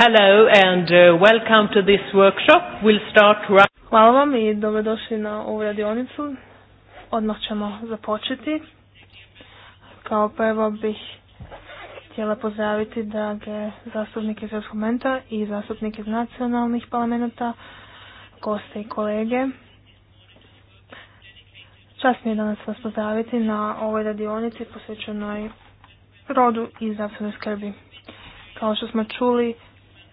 Hello and uh, welcome to this workshop. We'll start Hvala vam i dobrodošli na ovu radionicu. Odmah ćemo započeti. Kao prvo bih htjela pozdraviti drage zastupnike iz dokumenta i zastupnike iz nacionalnih parlamenta, goste i kolege. Čast mi je danas vas pozdraviti na ovoj radionici posvećenoj rodu i zdravstvenoj skrbi. Kao što smo čuli,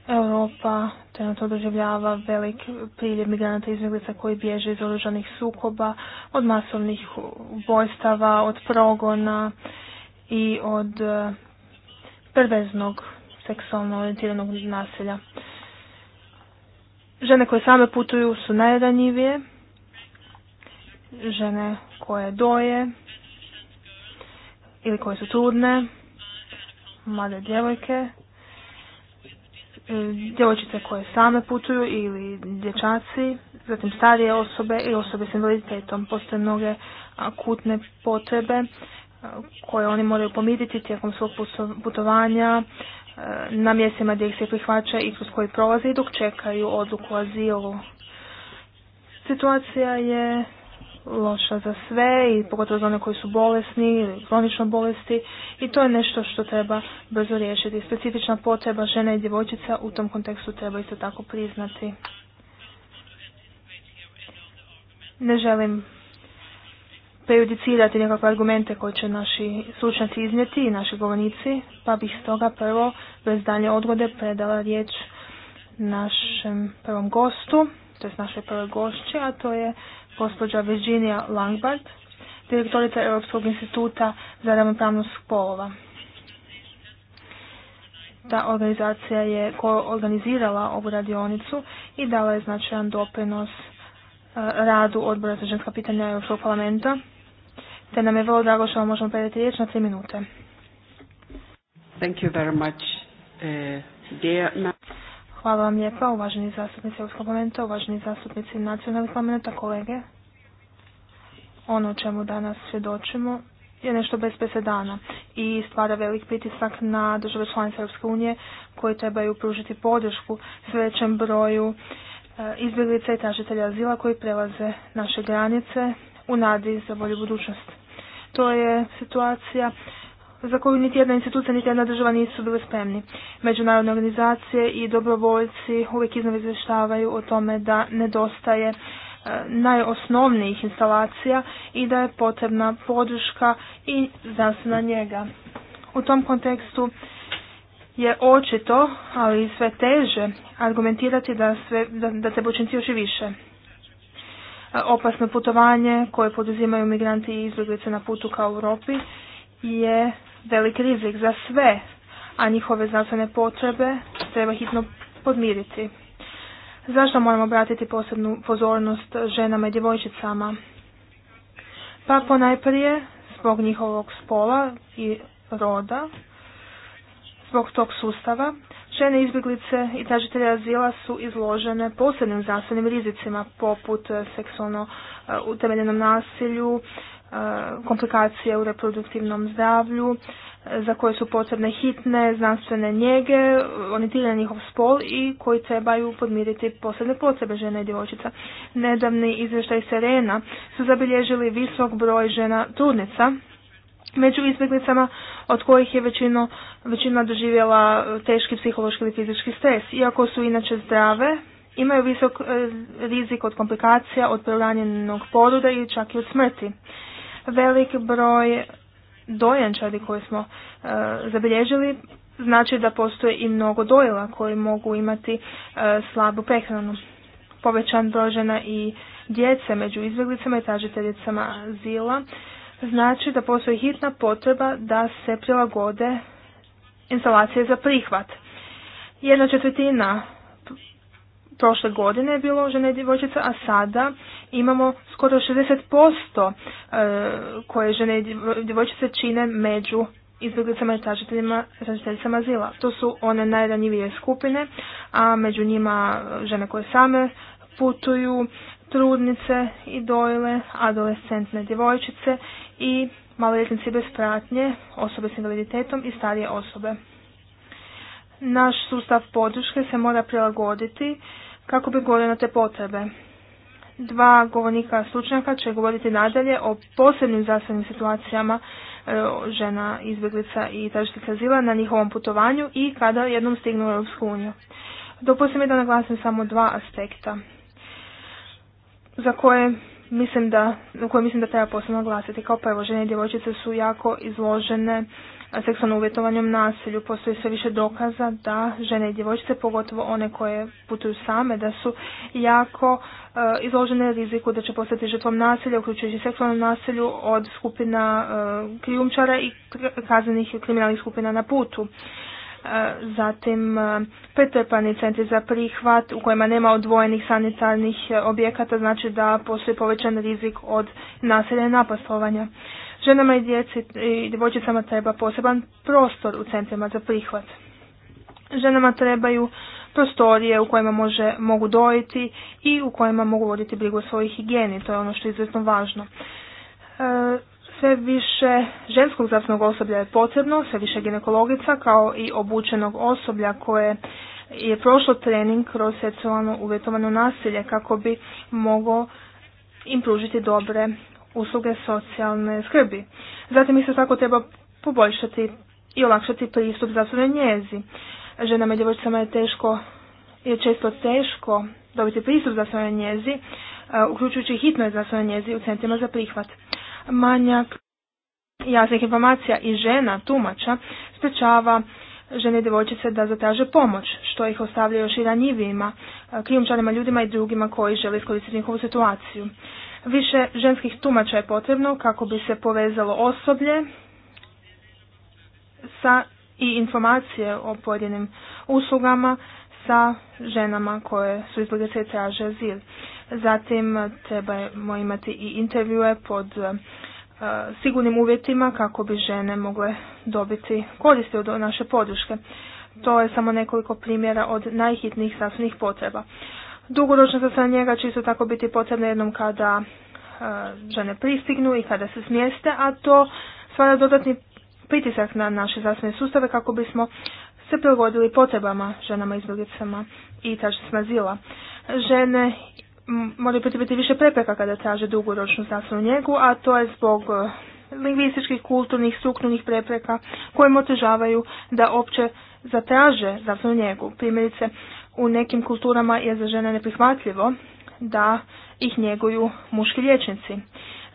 Europa trenutno doživljava velik priljev migranata izbjeglica koji bježe iz oružanih sukoba, od masovnih bojstava, od progona i od e, perveznog seksualno orijentiranog nasilja. Žene koje same putuju su najranjivije, žene koje doje ili koje su trudne, mlade djevojke, djevojčice koje same putuju ili dječaci, zatim starije osobe i osobe s invaliditetom. Postoje mnoge akutne potrebe e, koje oni moraju pomiriti tijekom svog putovanja e, na mjestima gdje ih se prihvaća i kroz koji prolaze i dok čekaju odluku o azilu. Situacija je loša za sve i pogotovo za one koji su bolesni ili kronično bolesti i to je nešto što treba brzo riješiti. Specifična potreba žena i djevojčica u tom kontekstu treba isto tako priznati. Ne želim prejudicirati nekakve argumente koje će naši stručnjaci iznijeti i naši govornici, pa bih stoga prvo bez dalje odgode predala riječ našem prvom gostu to je naše prve gošće, a to je gospođa Virginia Langbart, direktorica Europskog instituta za ravnopravnost spolova. Ta organizacija je organizirala ovu radionicu i dala je značajan doprinos e, radu odbora za ženska pitanja Europskog parlamenta. Te nam je vrlo drago što vam možemo predati riječ na tri minute. Thank you very e, Hvala vam lijepa, uvaženi zastupnici Europskog parlamenta, uvaženi zastupnici nacionalnih parlamenta, kolege. Ono o čemu danas svjedočimo je nešto bez dana i stvara velik pritisak na države članice Europske unije koje trebaju pružiti podršku s većem broju e, izbjeglica i tražitelja azila koji prelaze naše granice u nadi za bolju budućnost. To je situacija za koju niti jedna institucija, niti jedna država nisu bili spremni. Međunarodne organizacije i dobrovoljci uvijek iznova izvještavaju o tome da nedostaje e, najosnovnijih instalacija i da je potrebna podrška i znanstvena njega. U tom kontekstu je očito, ali i sve teže, argumentirati da, sve, da, da treba učiniti još i više. E, opasno putovanje koje poduzimaju migranti i izbjeglice na putu ka Europi je velik rizik za sve, a njihove znanstvene potrebe treba hitno podmiriti. Zašto moramo obratiti posebnu pozornost ženama i djevojčicama? Pa ponajprije zbog njihovog spola i roda, zbog tog sustava, žene izbjeglice i tražitelja azila su izložene posebnim zdravstvenim rizicima poput seksualno e, utemeljenom nasilju, komplikacije u reproduktivnom zdravlju, e, za koje su potrebne hitne znanstvene njege, onitira njihov spol i koji trebaju podmiriti posebne potrebe žene i djevojčica. Nedavni izvještaj Serena su zabilježili visok broj žena trudnica među izbjeglicama od kojih je većina doživjela e, teški psihološki ili fizički stres. Iako su inače zdrave, imaju visok e, rizik od komplikacija, od preuranjenog poruda i čak i od smrti velik broj dojenčadi koje smo e, zabilježili znači da postoje i mnogo dojela koji mogu imati e, slabu prehranu. Povećan broj žena i djece među izbjeglicama i tražiteljicama azila znači da postoji hitna potreba da se prilagode instalacije za prihvat. Jedna četvrtina prošle godine je bilo žene i djevojčica, a sada imamo skoro 60% e, koje žene i djevojčice čine među izbjeglicama i tražiteljicama azila. To su one najranjivije skupine, a među njima e, žene koje same putuju, trudnice i dojle, adolescentne djevojčice i maloljetnici bez pratnje, osobe s invaliditetom i starije osobe. Naš sustav podrške se mora prilagoditi kako bi govorio na te potrebe. Dva govornika slučnjaka će govoriti nadalje o posebnim zdravstvenim situacijama e, žena izbjeglica i tražiteljica zila na njihovom putovanju i kada jednom stignu u Europsku uniju. Dopustim mi da naglasim samo dva aspekta za koje mislim da, koje mislim da treba posebno naglasiti. Kao prvo, žene i djevojčice su jako izložene seksualno uvjetovanjem nasilju. Postoji sve više dokaza da žene i djevojčice, pogotovo one koje putuju same, da su jako eh, izložene riziku da će postati žrtvom nasilja, uključujući seksualnom nasilju od skupina eh, krijumčara i kaznenih kriminalnih skupina na putu. Eh, zatim pretrpani centri za prihvat u kojima nema odvojenih sanitarnih objekata znači da postoji povećan rizik od nasilja i napastovanja. Ženama i djeci i djevojčicama treba poseban prostor u centrima za prihvat. Ženama trebaju prostorije u kojima može, mogu dojiti i u kojima mogu voditi brigu o svojoj higijeni. To je ono što je izuzetno važno. E, sve više ženskog zdravstvenog osoblja je potrebno, sve više ginekologica kao i obučenog osoblja koje je prošlo trening kroz seksualno uvjetovano nasilje kako bi mogao im pružiti dobre usluge socijalne skrbi. Zatim isto tako treba poboljšati i olakšati pristup zdravstvenoj njezi. Ženama i djevojčicama je teško, je često teško dobiti pristup zdravstvenoj njezi, e, uključujući za zdravstvenoj njezi u centrima za prihvat. Manjak jasnih informacija i žena, tumača, sprečava žene i djevojčice da zatraže pomoć, što ih ostavlja još i ranjivijima, e, krijumčarima ljudima i drugima koji žele iskoristiti njihovu situaciju. Više ženskih tumača je potrebno kako bi se povezalo osoblje sa i informacije o pojedinim uslugama sa ženama koje su iz i traže azil. Zatim trebamo imati i intervjue pod eh, sigurnim uvjetima kako bi žene mogle dobiti koristi od naše podrške. To je samo nekoliko primjera od najhitnijih sasvnih potreba. Dugoročno zdravstvena njega će isto tako biti potrebno jednom kada e, žene pristignu i kada se smjeste, a to stvara dodatni pritisak na naše zdravstvene sustave kako bismo se prilagodili potrebama ženama izbjeglicama i tražicima azila. Žene moraju biti više prepreka kada traže dugoročnu zdravstvenu njegu, a to je zbog e, lingvističkih, kulturnih, strukturnih prepreka koje mu otežavaju da opće zatraže zdravstvenu njegu. Primjerice, u nekim kulturama je za žene neprihvatljivo da ih njeguju muški liječnici.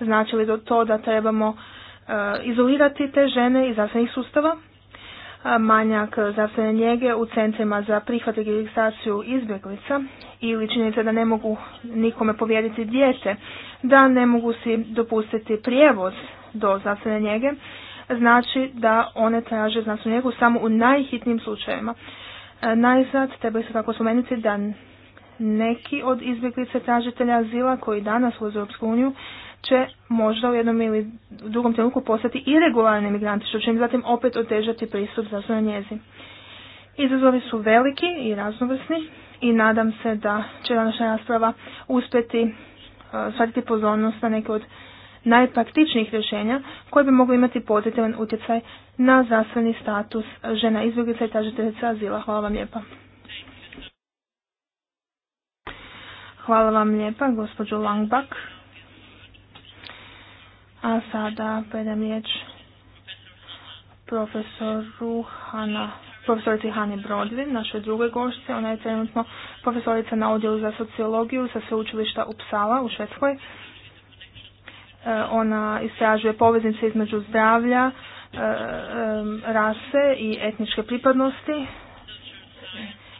Znači li to da trebamo e, izolirati te žene iz zdravstvenih sustava? E, manjak zdravstvene njege u centrima za prihvat i registraciju izbjeglica ili činjenica da ne mogu nikome povjeriti dijete, da ne mogu si dopustiti prijevoz do zdravstvene njege, znači da one traže zdravstvenu njegu samo u najhitnijim slučajevima. E, najzad treba isto tako spomenuti da neki od izbjeglica tražitelja azila koji danas u Europsku uniju će možda u jednom ili drugom trenutku postati iregularni migranti, što će im zatim opet otežati pristup svoje njezi. Izazovi su veliki i raznovrsni i nadam se da će današnja rasprava uspjeti e, shvatiti pozornost na neke od najpraktičnijih rješenja koje bi mogli imati pozitivan utjecaj na zdravstveni status žena izbjeglica i tražiteljica azila. Hvala vam lijepa. Hvala vam lijepa, gospođo Langbak. A sada predam riječ profesoru Hana, profesorici Hani Brodvin, našoj drugoj gošci. Ona je trenutno profesorica na odjelu za sociologiju sa sveučilišta upsala u Švedskoj Eh, ona istražuje poveznice između zdravlja, eh, rase i etničke pripadnosti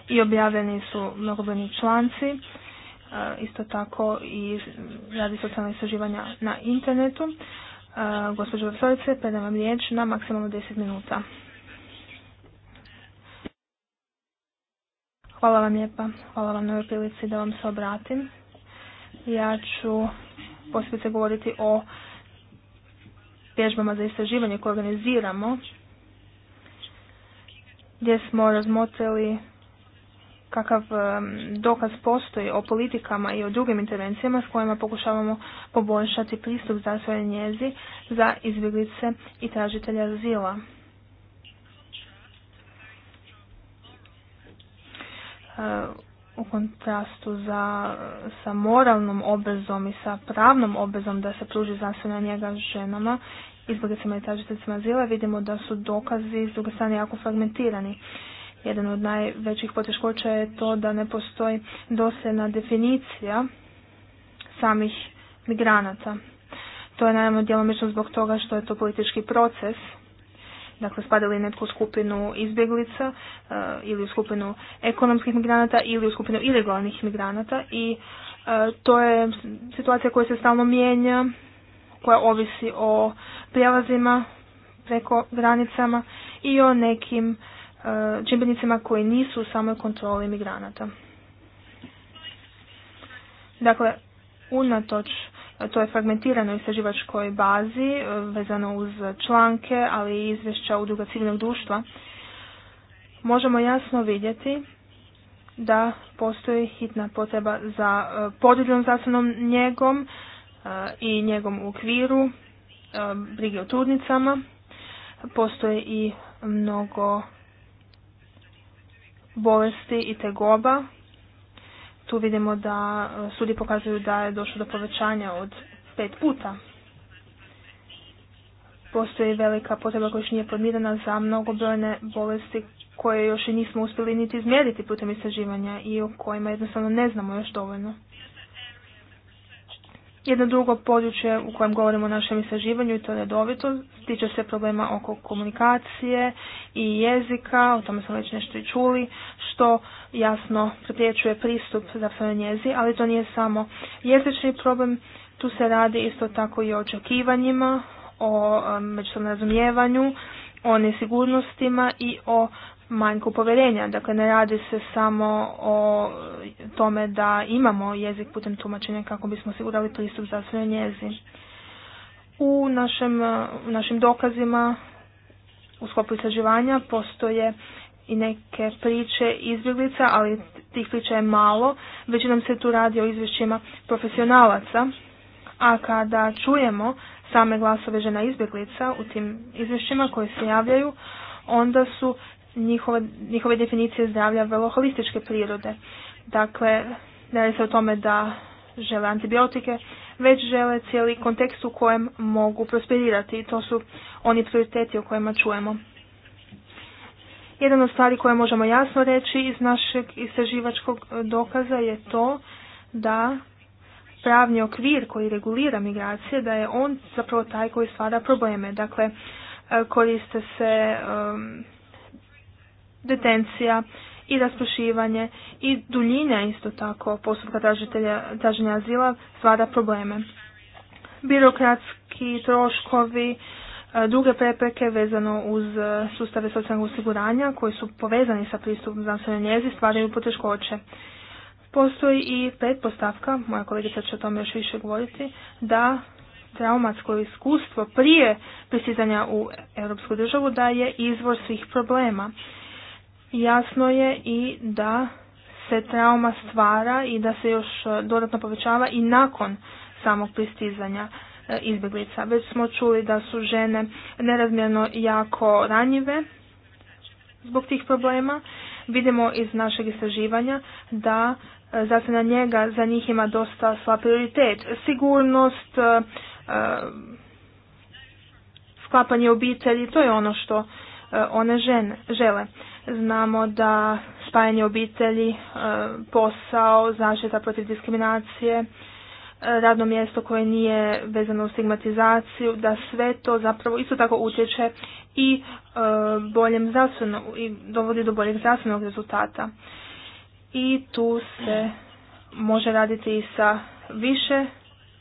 i objavljeni su mnogobrojni članci. Eh, isto tako i radi socijalne istraživanja na internetu. Gospođo profesorice, predam vam riječ na maksimalno 10 minuta. Hvala vam lijepa. Hvala vam na prilici da vam se obratim. Ja ću posebice govoriti o vježbama za istraživanje koje organiziramo, gdje smo razmotrili kakav dokaz postoji o politikama i o drugim intervencijama s kojima pokušavamo poboljšati pristup svoje njezi za izbjeglice i tražitelja azila u kontrastu za, sa moralnom obvezom i sa pravnom obvezom da se pruži zasvena njega ženama, izbogacima i tražiteljicima azila, vidimo da su dokazi s druge strane jako fragmentirani. Jedan od najvećih poteškoća je to da ne postoji dosljedna definicija samih migranata. To je naravno djelomično zbog toga što je to politički proces dakle spadali netko u skupinu izbjeglica e, ili u skupinu ekonomskih migranata ili u skupinu ilegalnih migranata i e, to je situacija koja se stalno mijenja, koja ovisi o prijelazima preko granicama i o nekim e, čimbenicima koji nisu u samoj kontroli migranata. Dakle, unatoč to je fragmentirano istraživačkoj bazi e, vezano uz članke, ali i izvješća udruga civilnog društva, možemo jasno vidjeti da postoji hitna potreba za e, podjeljom zdravstvenom njegom e, i njegom u okviru, brige o trudnicama. postoji i mnogo bolesti i tegoba tu vidimo da e, sudi pokazuju da je došlo do povećanja od pet puta. Postoji velika potreba koja još nije podmirena za mnogobrojne bolesti koje još i nismo uspjeli niti izmjeriti putem istraživanja i o kojima jednostavno ne znamo još dovoljno. Jedno drugo područje u kojem govorimo o našem istraživanju i to redovito tiče se problema oko komunikacije i jezika, o tome smo već nešto i čuli, što jasno prepriječuje pristup za njezi, ali to nije samo jezični problem, tu se radi isto tako i o očekivanjima, o međusobnom razumijevanju, o nesigurnostima i o manjku povjerenja. Dakle, ne radi se samo o tome da imamo jezik putem tumačenja kako bismo osigurali pristup zdravstvenoj njezi. U našem, našim dokazima u sklopu istraživanja postoje i neke priče izbjeglica, ali tih priča je malo, Većinom nam se tu radi o izvješćima profesionalaca, a kada čujemo same glasove žena izbjeglica u tim izvješćima koje se javljaju, onda su njihove, njihove definicije zdravlja vrlo holističke prirode. Dakle, ne radi se o tome da žele antibiotike, već žele cijeli kontekst u kojem mogu prosperirati i to su oni prioriteti o kojima čujemo. Jedan od stvari koje možemo jasno reći iz našeg istraživačkog dokaza je to da pravni okvir koji regulira migracije, da je on zapravo taj koji stvara probleme. Dakle, koriste se um, detencija i raspršivanje i duljina isto tako postupka traženja azila stvara probleme. Birokratski troškovi, e, druge prepreke vezano uz e, sustave socijalnog osiguranja koji su povezani sa pristupom znanstvenoj njezi stvaraju poteškoće. Postoji i pretpostavka, moja kolegica će o tome još više govoriti, da traumatsko iskustvo prije pristizanja u europsku državu da je izvor svih problema Jasno je i da se trauma stvara i da se još e, dodatno povećava i nakon samog pristizanja e, izbjeglica. Već smo čuli da su žene nerazmjerno jako ranjive zbog tih problema. Vidimo iz našeg istraživanja da e, na njega za njih ima dosta sva prioritet. Sigurnost, sklapanje obitelji, to je ono što one žene, žele. Znamo da spajanje obitelji, e, posao, zaštita protiv diskriminacije, e, radno mjesto koje nije vezano u stigmatizaciju, da sve to zapravo isto tako utječe i e, boljem zdravstvenom i dovodi do boljeg zdravstvenog rezultata. I tu se može raditi i sa više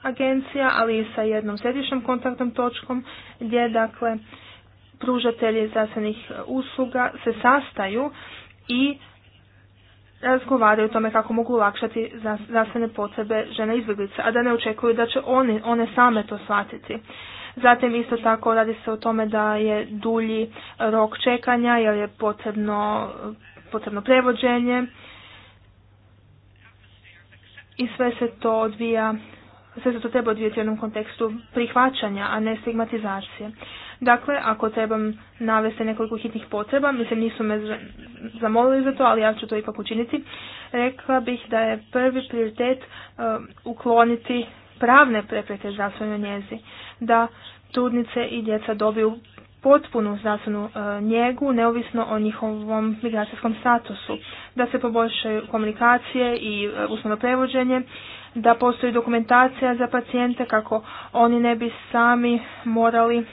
agencija, ali i sa jednom središnjom kontaktnom točkom gdje dakle pružatelji zdravstvenih usluga se sastaju i razgovaraju o tome kako mogu olakšati zdravstvene potrebe žene izbjeglice, a da ne očekuju da će one, one same to shvatiti. Zatim isto tako radi se o tome da je dulji rok čekanja jer je potrebno, potrebno prevođenje i sve se to odvija sve se to treba odvijeti u jednom kontekstu prihvaćanja, a ne stigmatizacije. Dakle, ako trebam navesti nekoliko hitnih potreba, mislim nisu me zamolili za to, ali ja ću to ipak učiniti, rekla bih da je prvi prioritet eh, ukloniti pravne prepreke zdravstvenoj njezi, da trudnice i djeca dobiju potpunu zdravstvenu eh, njegu, neovisno o njihovom migracijskom statusu, da se poboljšaju komunikacije i e, eh, usmeno prevođenje, da postoji dokumentacija za pacijente kako oni ne bi sami morali e,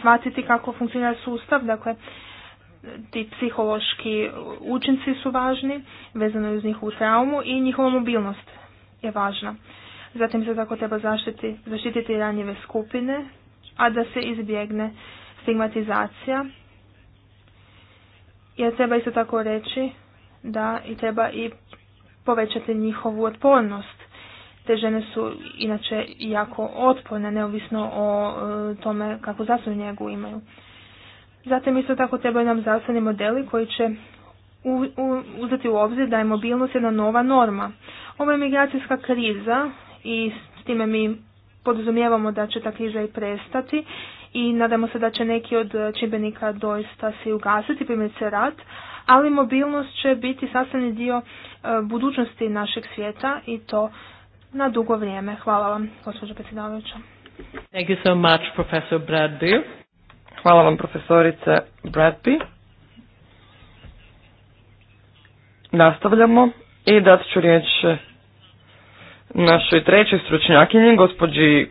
shvatiti kako funkcionira sustav, dakle ti psihološki učinci su važni vezano uz njihovu traumu i njihova mobilnost je važna. Zatim se tako treba zaštiti, zaštititi ranjive skupine, a da se izbjegne stigmatizacija. Jer treba isto tako reći da i treba i povećati njihovu otpornost te žene su inače jako otporne, neovisno o e, tome kako zdravstvenu njegu imaju. Zatim isto tako trebaju nam zdravstveni modeli koji će uzeti u obzir da je mobilnost jedna nova norma. Ovo je migracijska kriza i s time mi podrazumijevamo da će ta kriza i prestati i nadamo se da će neki od čimbenika doista se ugasiti, primjerice rat, ali mobilnost će biti sastavni dio e, budućnosti našeg svijeta i to na dugo vrijeme. Hvala vam, gospođo predsjedavajuća. Thank you so much, professor Hvala vam, profesorice Bradby. Nastavljamo i dat ću riječ našoj trećoj stručnjakinji, gospođi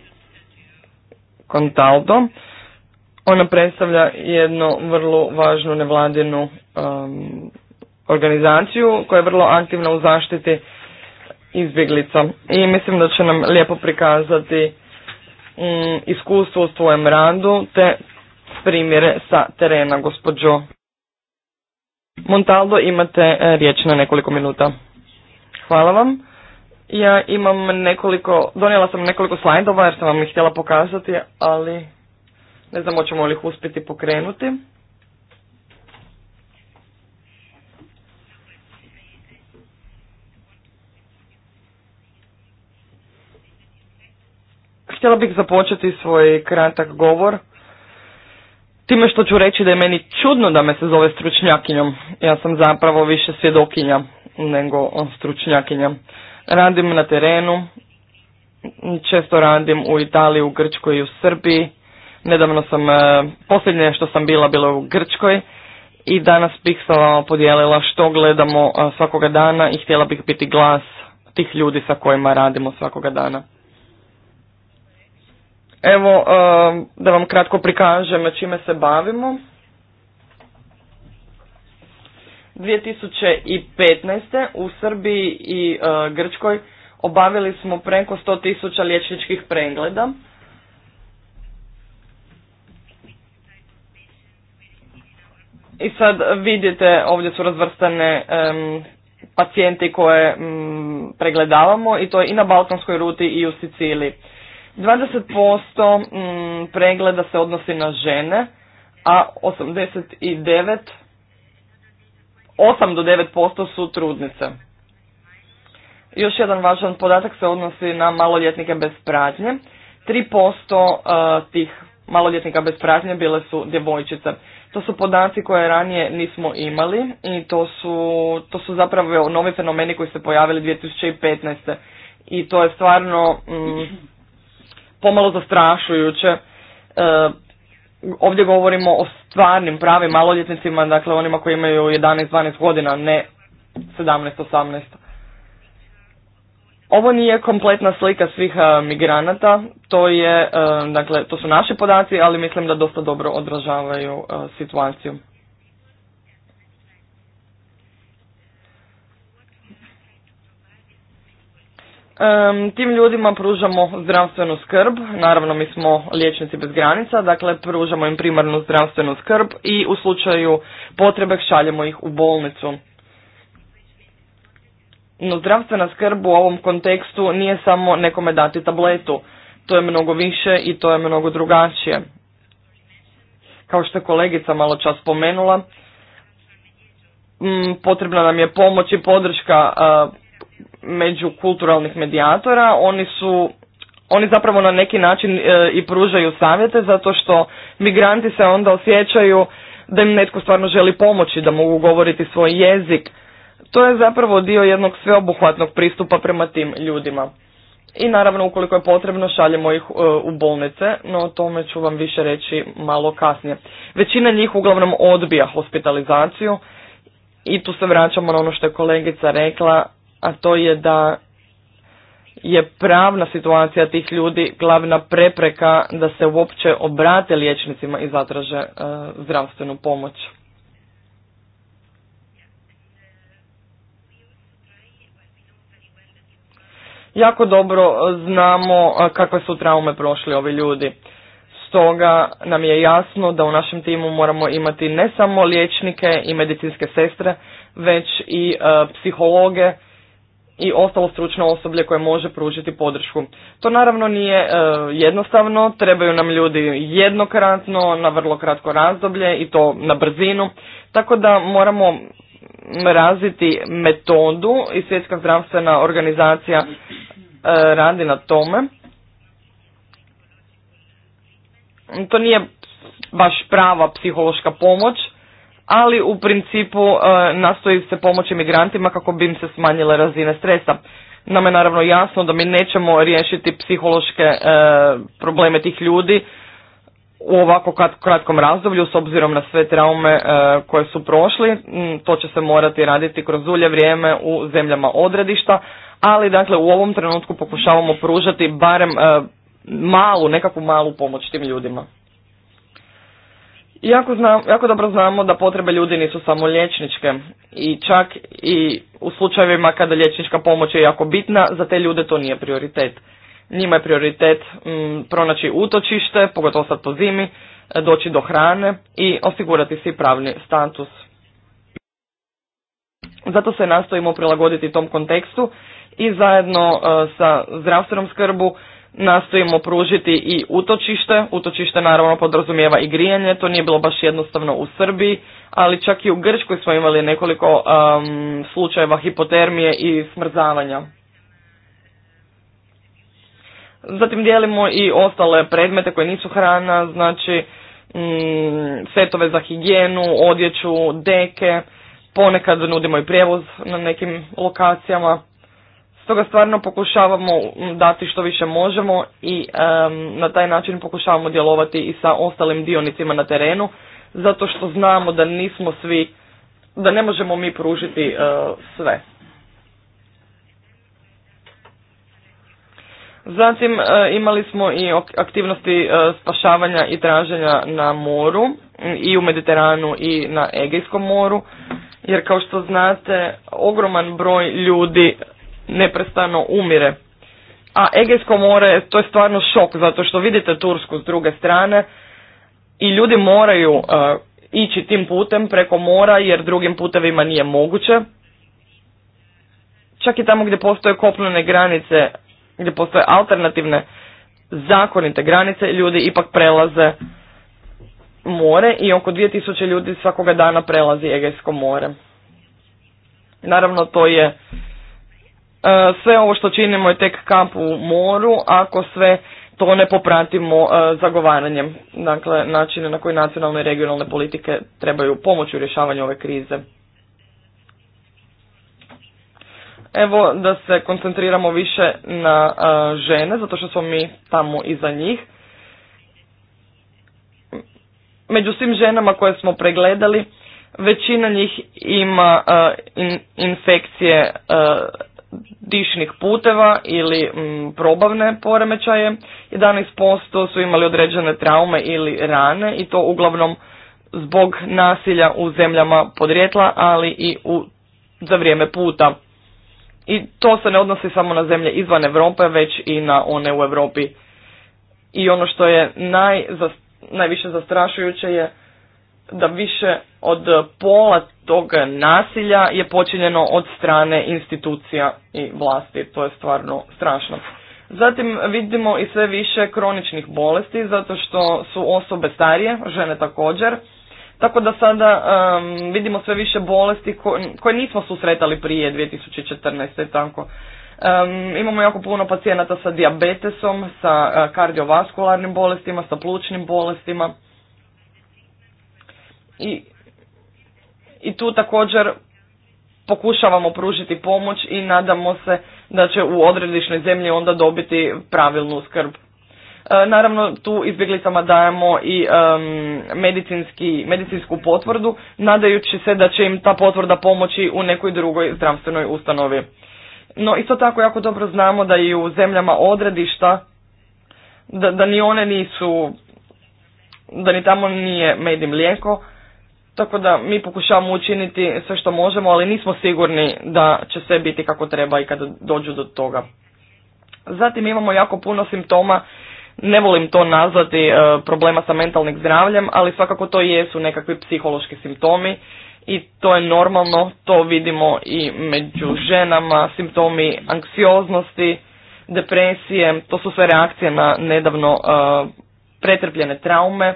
Contaldo. Ona predstavlja jednu vrlo važnu nevladinu um, organizaciju koja je vrlo aktivna u zaštiti izbjeglica i mislim da će nam lijepo prikazati mm, iskustvo u svojem radu te primjere sa terena, gospođo. Montaldo, imate e, riječ na nekoliko minuta. Hvala vam. Ja imam nekoliko, donijela sam nekoliko slajdova jer sam vam ih htjela pokazati, ali ne znam hoćemo li ih uspjeti pokrenuti. Htjela bih započeti svoj kratak govor time što ću reći da je meni čudno da me se zove stručnjakinjom. Ja sam zapravo više svjedokinja nego stručnjakinja. Radim na terenu, često radim u Italiji, u Grčkoj i u Srbiji. Nedavno sam, e, posljednje što sam bila, bila u Grčkoj i danas bih sa podijelila što gledamo e, svakoga dana i htjela bih biti glas tih ljudi sa kojima radimo svakoga dana. Evo, um, da vam kratko prikažem čime se bavimo. 2015. u Srbiji i uh, Grčkoj obavili smo preko 100.000 liječničkih pregleda. I sad vidite, ovdje su razvrstane um, pacijenti koje mm, pregledavamo i to je i na Balkanskoj ruti i u Siciliji. 20% mm, pregleda se odnosi na žene, a 89, 8 do 9% su trudnice. Još jedan važan podatak se odnosi na maloljetnike bez tri 3% e, tih maloljetnika bez pratnje bile su djevojčice. To su podaci koje ranije nismo imali i to su, to su zapravo novi fenomeni koji se pojavili 2015. I to je stvarno mm, pomalo zastrašujuće. E, ovdje govorimo o stvarnim pravim maloljetnicima, dakle onima koji imaju 11-12 godina, ne 17-18. Ovo nije kompletna slika svih e, migranata, to, je, e, dakle, to su naši podaci, ali mislim da dosta dobro odražavaju e, situaciju. Tim ljudima pružamo zdravstvenu skrb, naravno mi smo liječnici bez granica, dakle pružamo im primarnu zdravstvenu skrb i u slučaju potrebe šaljemo ih u bolnicu. No zdravstvena skrb u ovom kontekstu nije samo nekome dati tabletu, to je mnogo više i to je mnogo drugačije. Kao što je kolegica malo čas spomenula, mm, potrebna nam je pomoć i podrška međukulturalnih medijatora, oni su oni zapravo na neki način e, i pružaju savjete zato što migranti se onda osjećaju da im netko stvarno želi pomoći, da mogu govoriti svoj jezik. To je zapravo dio jednog sveobuhvatnog pristupa prema tim ljudima. I naravno ukoliko je potrebno šaljemo ih e, u bolnice, no o tome ću vam više reći malo kasnije. Većina njih uglavnom odbija hospitalizaciju i tu se vraćamo na ono što je kolegica rekla, a to je da je pravna situacija tih ljudi glavna prepreka da se uopće obrate liječnicima i zatraže e, zdravstvenu pomoć. Jako dobro znamo e, kakve su traume prošli ovi ljudi. Stoga nam je jasno da u našem timu moramo imati ne samo liječnike i medicinske sestre, već i e, psihologe i ostalo stručno osoblje koje može pružiti podršku. To naravno nije e, jednostavno, trebaju nam ljudi jednokratno, na vrlo kratko razdoblje i to na brzinu, tako da moramo razviti metodu i Svjetska zdravstvena organizacija e, radi na tome. To nije baš prava psihološka pomoć, ali u principu e, nastoji se pomoći migrantima kako bi im se smanjile razine stresa. Nama je naravno jasno da mi nećemo riješiti psihološke e, probleme tih ljudi u ovako kratkom razdoblju s obzirom na sve traume e, koje su prošli. Mm, to će se morati raditi kroz dulje vrijeme u zemljama odredišta, ali dakle u ovom trenutku pokušavamo pružati barem malu, nekakvu malu pomoć tim ljudima. Jako, znam, dobro znamo da potrebe ljudi nisu samo liječničke i čak i u slučajevima kada liječnička pomoć je jako bitna, za te ljude to nije prioritet. Njima je prioritet mm, pronaći utočište, pogotovo sad po zimi, doći do hrane i osigurati si pravni status. Zato se nastojimo prilagoditi tom kontekstu i zajedno e, sa zdravstvenom skrbu nastojimo pružiti i utočište. Utočište naravno podrazumijeva i grijanje, to nije bilo baš jednostavno u Srbiji, ali čak i u Grčkoj smo imali nekoliko um, slučajeva hipotermije i smrzavanja. Zatim dijelimo i ostale predmete koje nisu hrana, znači mm, setove za higijenu, odjeću, deke, ponekad nudimo i prijevoz na nekim lokacijama. Stoga stvarno pokušavamo dati što više možemo i na taj način pokušavamo djelovati i sa ostalim dionicima na terenu zato što znamo da nismo svi, da ne možemo mi pružiti e, sve. Zatim e, imali smo i aktivnosti e, spašavanja i traženja na moru i u Mediteranu i na Egejskom moru jer kao što znate ogroman broj ljudi neprestano umire. A Egejsko more, to je stvarno šok, zato što vidite Tursku s druge strane i ljudi moraju uh, ići tim putem preko mora jer drugim putevima nije moguće. Čak i tamo gdje postoje kopnene granice, gdje postoje alternativne zakonite granice, ljudi ipak prelaze more i oko 2000 ljudi svakoga dana prelazi Egejsko more. Naravno to je E, sve ovo što činimo je tek kampu u moru ako sve to ne popratimo e, zagovaranjem. Dakle, načine na koji nacionalne i regionalne politike trebaju pomoći u rješavanju ove krize. Evo da se koncentriramo više na e, žene, zato što smo mi tamo iza njih. Među svim ženama koje smo pregledali, većina njih ima infekcije dišnih puteva ili mm, probavne poremećaje. 11% su imali određene traume ili rane i to uglavnom zbog nasilja u zemljama podrijetla, ali i u, za vrijeme puta. I to se ne odnosi samo na zemlje izvan Europe, već i na one u Europi. I ono što je naj, najviše zastrašujuće je da više od pola tog nasilja je počinjeno od strane institucija i vlasti. To je stvarno strašno. Zatim vidimo i sve više kroničnih bolesti zato što su osobe starije, žene također. Tako da sada vidimo sve više bolesti koje, nismo susretali prije 2014. Tako. imamo jako puno pacijenata sa diabetesom, sa eh, kardiovaskularnim bolestima, sa plućnim bolestima i, i tu također pokušavamo pružiti pomoć i nadamo se da će u odredišnoj zemlji onda dobiti pravilnu skrb. E, naravno, tu izbjeglicama dajemo i medicinski, medicinsku potvrdu, nadajući se da će im ta potvrda pomoći u nekoj drugoj zdravstvenoj ustanovi. No, isto tako jako dobro znamo da i u zemljama odredišta, da, da ni one nisu, da ni tamo nije medim lijeko tako da mi pokušavamo učiniti sve što možemo, ali nismo sigurni da će sve biti kako treba i kada dođu do toga. Zatim imamo jako puno simptoma, ne volim to nazvati e, problema sa mentalnim zdravljem, ali svakako to jesu nekakvi psihološki simptomi i to je normalno, to vidimo i među ženama, simptomi anksioznosti, depresije, to su sve reakcije na nedavno e, pretrpljene traume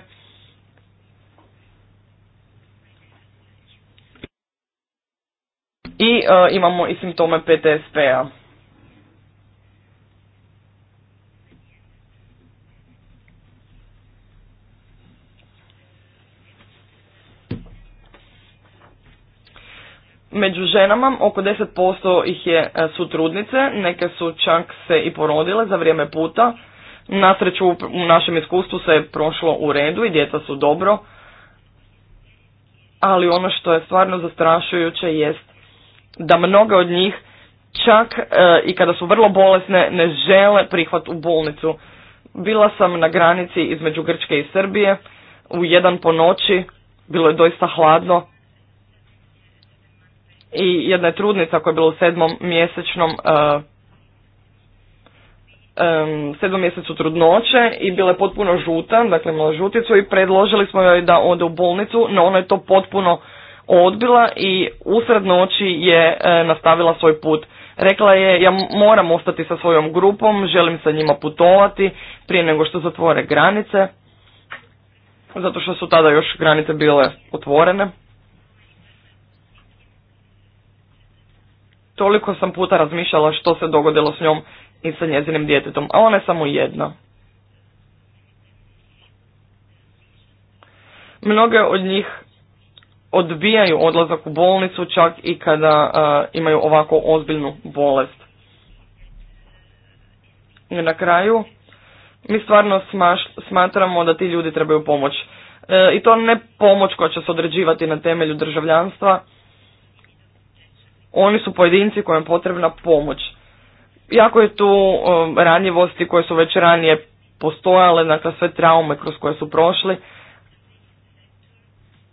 i e, imamo i simptome PTSP-a. Među ženama oko 10% ih je, e, su trudnice, neke su čak se i porodile za vrijeme puta. Na sreću u našem iskustvu se je prošlo u redu i djeca su dobro, ali ono što je stvarno zastrašujuće jest da mnoge od njih čak e, i kada su vrlo bolesne ne žele prihvat u bolnicu. Bila sam na granici između Grčke i Srbije u jedan po noći, bilo je doista hladno i jedna je trudnica koja je bila u sedmom mjesečnom e, mjesecu trudnoće i bila je potpuno žuta, dakle imala žuticu i predložili smo joj da ode u bolnicu, no ona je to potpuno odbila i usred noći je e, nastavila svoj put. Rekla je ja moram ostati sa svojom grupom, želim sa njima putovati prije nego što zatvore granice, zato što su tada još granice bile otvorene. Toliko sam puta razmišljala što se dogodilo s njom i sa njezinim djetetom, a ona je samo jedna. Mnoge od njih odbijaju odlazak u bolnicu čak i kada imaju ovako ozbiljnu bolest. I na kraju, mi stvarno smatramo da ti ljudi trebaju pomoć. E, I to ne pomoć koja će se određivati na temelju državljanstva. Oni su pojedinci kojima je potrebna pomoć. Jako je tu e, ranjivosti koje su već ranije postojale, dakle sve traume kroz koje su prošli.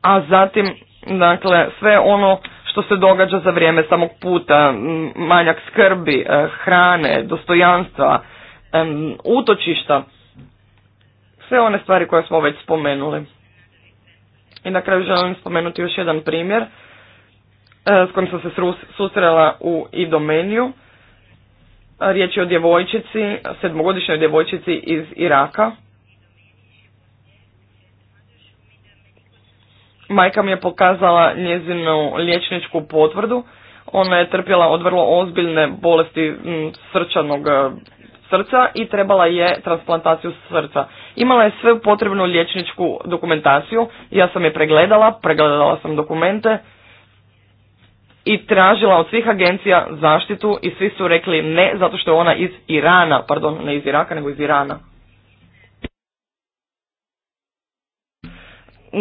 A zatim Dakle, sve ono što se događa za vrijeme samog puta, manjak skrbi, e, hrane, dostojanstva, e, utočišta, sve one stvari koje smo već spomenuli. I na kraju želim spomenuti još jedan primjer e, s kojim sam se susrela u idomeniju. Riječ je o djevojčici, sedmogodišnjoj djevojčici iz Iraka Majka mi je pokazala njezinu liječničku potvrdu. Ona je trpjela od vrlo ozbiljne bolesti srčanog e, srca i trebala je transplantaciju srca. Imala je sve potrebnu liječničku dokumentaciju, ja sam je pregledala, pregledala sam dokumente i tražila od svih agencija zaštitu i svi su rekli ne zato što je ona iz Irana, pardon, ne iz Iraka nego iz Irana.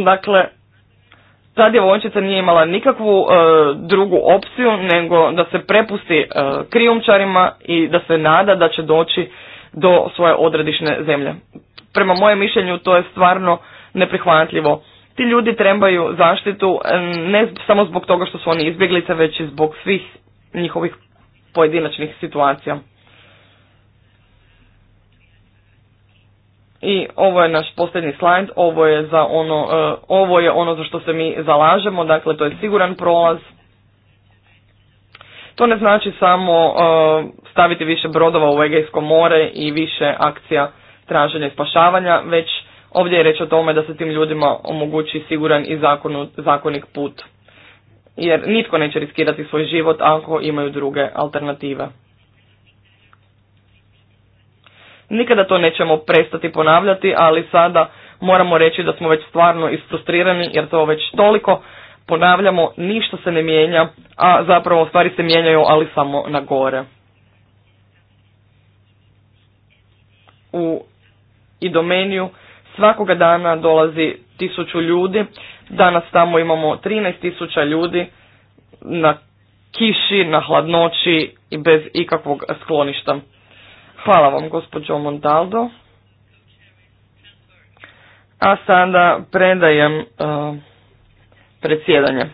Dakle, ta djevojčica nije imala nikakvu e, drugu opciju nego da se prepusti e, krijumčarima i da se nada da će doći do svoje odredišne zemlje. Prema mojem mišljenju to je stvarno neprihvatljivo. Ti ljudi trebaju zaštitu e, ne samo zbog toga što su oni izbjeglice, već i zbog svih njihovih pojedinačnih situacija. I ovo je naš posljednji slajd, ovo je, za ono, e, ovo je ono za što se mi zalažemo, dakle to je siguran prolaz. To ne znači samo e, staviti više brodova u Egejsko more i više akcija traženja i spašavanja, već ovdje je reč o tome da se tim ljudima omogući siguran i zakonu, zakonik put. Jer nitko neće riskirati svoj život ako imaju druge alternative. Nikada to nećemo prestati ponavljati, ali sada moramo reći da smo već stvarno isfrustrirani jer to već toliko ponavljamo, ništa se ne mijenja, a zapravo stvari se mijenjaju, ali samo na gore. U idomeniju svakoga dana dolazi tisuću ljudi, danas tamo imamo 13 tisuća ljudi na kiši, na hladnoći i bez ikakvog skloništa. Hvala vam, gospođo Montaldo. A sada predajem e, predsjedanje.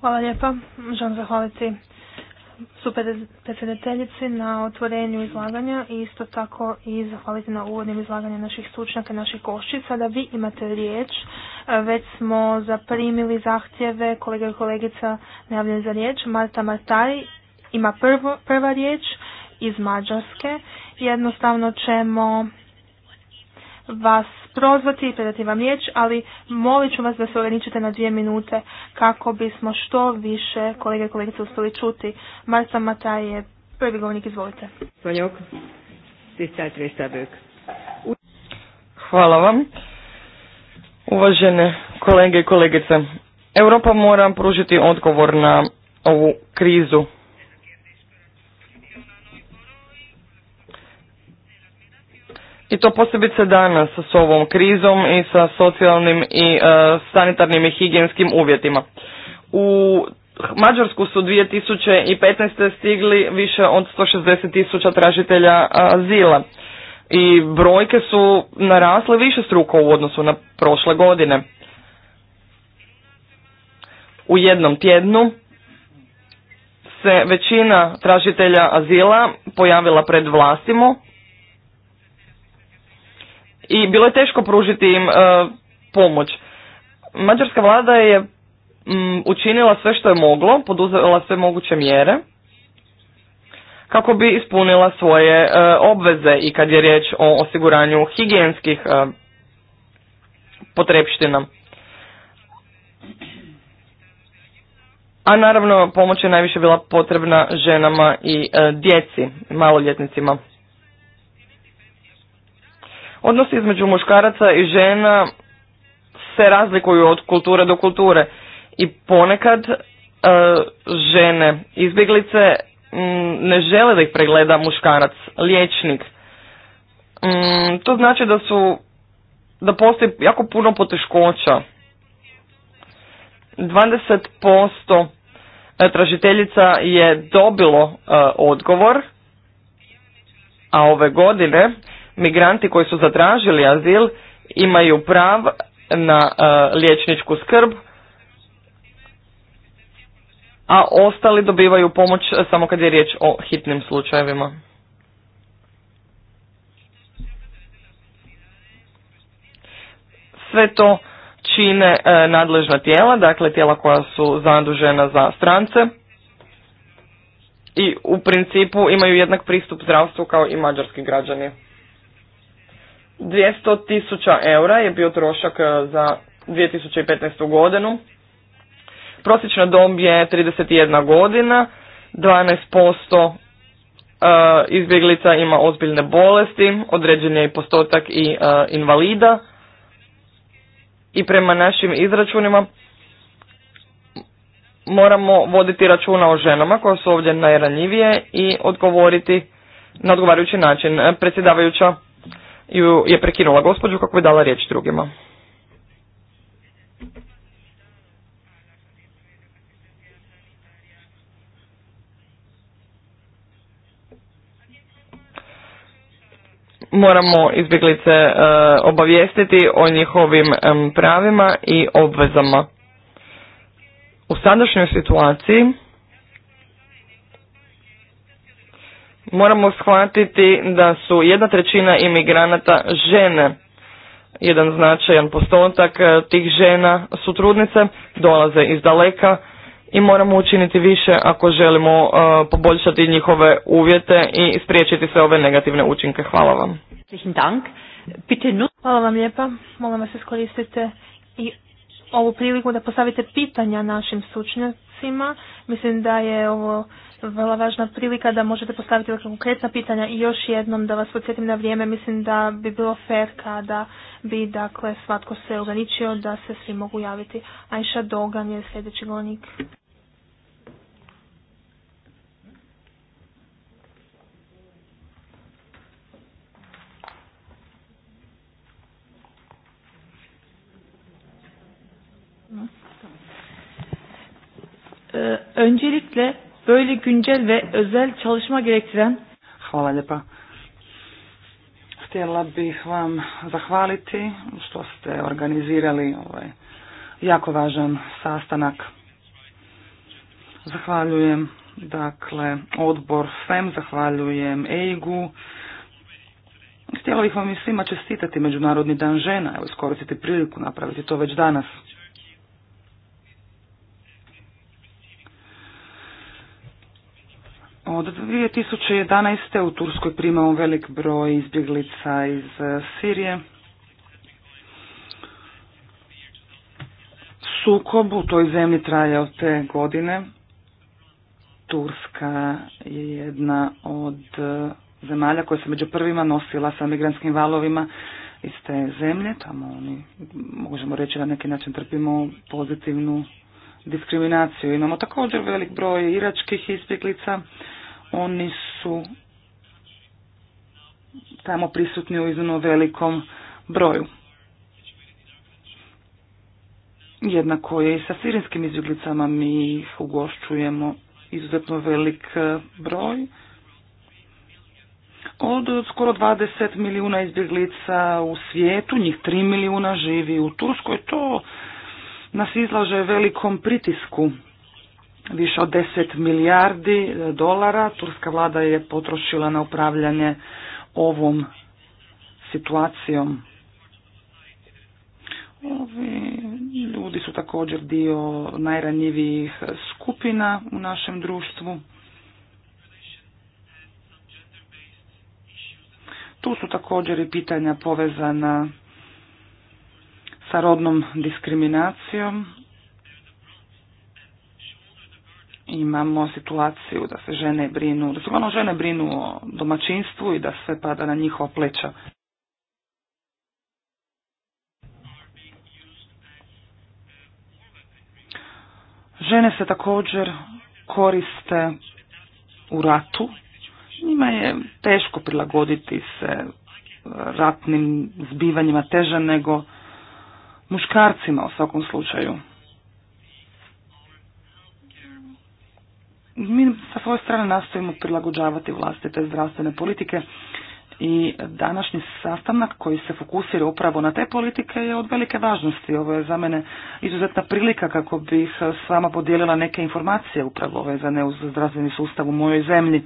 Hvala lijepa. Želim zahvaliti super predsjedateljici na otvorenju izlaganja i isto tako i zahvaliti na uvodnim izlaganju naših stručnjaka i naših koščica. Sada vi imate riječ, e, već smo zaprimili zahtjeve kolega i kolegica najavljene za riječ. Marta Martari ima prvo, prva riječ, iz Mađarske. Jednostavno ćemo vas prozvati i predati vam riječ, ali molit ću vas da se ograničite na dvije minute kako bismo što više kolege i kolegice uspjeli čuti. Marta Mataj je prvi govornik, izvolite. Hvala vam. Uvažene kolege i kolegice, Europa mora pružiti odgovor na ovu krizu i to posebice danas s ovom krizom i sa socijalnim i e, sanitarnim i higijenskim uvjetima. U Mađarsku su 2015. stigli više od 160 tisuća tražitelja azila i brojke su narasle više struko u odnosu na prošle godine. U jednom tjednu se većina tražitelja azila pojavila pred vlastimo, i bilo je teško pružiti im e, pomoć. Mađarska vlada je učinila sve što je moglo, poduzela sve moguće mjere kako bi ispunila svoje e, obveze i kad je riječ o osiguranju higijenskih e, potrepština. A naravno pomoć je najviše bila potrebna ženama i djeci, maloljetnicima. Odnosi između muškaraca i žena se razlikuju od kulture do kulture i ponekad e, žene izbjeglice ne žele da ih pregleda muškarac, liječnik. to znači da su da postoji jako puno poteškoća. 20% e, tražiteljica je dobilo e, odgovor, a ove godine Migranti koji su zatražili azil imaju prav na e, liječničku skrb, a ostali dobivaju pomoć samo kad je riječ o hitnim slučajevima. Sve to čine e, nadležna tijela, dakle tijela koja su zadužena za strance i u principu imaju jednak pristup zdravstvu kao i mađarski građani. 200 tisuća eura je bio trošak e, za 2015. godinu. Prosječna dob je 31 godina, 12% e, izbjeglica ima ozbiljne bolesti, određen je i postotak i e, invalida i prema našim izračunima moramo voditi računa o ženama koje su ovdje najranjivije i odgovoriti na odgovarajući način. Predsjedavajuća ju je prekinula gospođu kako je dala riječ drugima. moramo izbjeglice e, obavijestiti o njihovim pravima i obvezama. U sadašnjoj situaciji moramo shvatiti da su jedna trećina imigranata žene. Jedan značajan postotak e, tih žena su trudnice, dolaze iz daleka i moramo učiniti više ako želimo e, poboljšati njihove uvjete i spriječiti sve ove negativne učinke. Hvala vam. Hvala vam lijepa. Molim vas iskoristite i ovu priliku da postavite pitanja našim sučnjacima. Mislim da je ovo vrlo važna prilika da možete postaviti vrlo konkretna pitanja i još jednom da vas podsjetim na vrijeme. Mislim da bi bilo fair kada bi dakle, svatko se ograničio da se svi mogu javiti. Ajša Dogan je sljedeći govornik. öncelikle böyle güncel ve özel çalışma gerektiren Hvala lijepa. Htjela bih vam zahvaliti što ste organizirali ovaj jako važan sastanak. Zahvaljujem dakle odbor FEM, zahvaljujem EIGU. Htjela bih vam i svima čestitati Međunarodni dan žena, evo iskoristiti priliku napraviti to već danas. Od 2011. u Turskoj primamo velik broj izbjeglica iz e, Sirije. Sukob u toj zemlji traje od te godine. Turska je jedna od e, zemalja koja se među prvima nosila sa migrantskim valovima iz te zemlje. Tamo oni, možemo reći, na neki način trpimo pozitivnu diskriminaciju. Imamo također velik broj iračkih izbjeglica oni su tamo prisutni u iznimno velikom broju. Jednako je i sa sirinskim izbjeglicama, mi ih ugošćujemo izuzetno velik e, broj. Od skoro 20 milijuna izbjeglica u svijetu, njih 3 milijuna živi u Turskoj, to nas izlaže velikom pritisku više od 10 milijardi e, dolara. Turska vlada je potrošila na upravljanje ovom situacijom. Ovi ljudi su također dio najranjivijih skupina u našem društvu. Tu su također i pitanja povezana sa rodnom diskriminacijom. imamo situaciju da se žene brinu, da se uglavnom žene brinu o domaćinstvu i da sve pada na njihova pleća. Žene se također koriste u ratu. Njima je teško prilagoditi se ratnim zbivanjima teže nego muškarcima u svakom slučaju. mi sa svoje strane nastojimo prilagođavati vlastite zdravstvene politike i današnji sastanak koji se fokusira upravo na te politike je od velike važnosti. Ovo je za mene izuzetna prilika kako bih s vama podijelila neke informacije upravo vezane uz zdravstveni sustav u mojoj zemlji.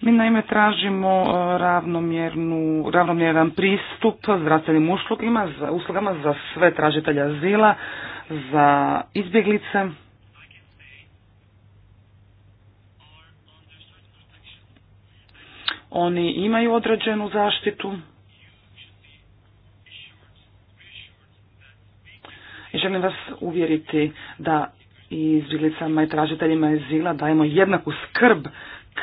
Mi naime tražimo e, ravnomjeran pristup zdravstvenim uslugima, uslugama za sve tražitelja azila, za izbjeglice. Oni imaju određenu zaštitu. I želim vas uvjeriti da i izbjeglicama i tražiteljima azila dajemo jednaku skrb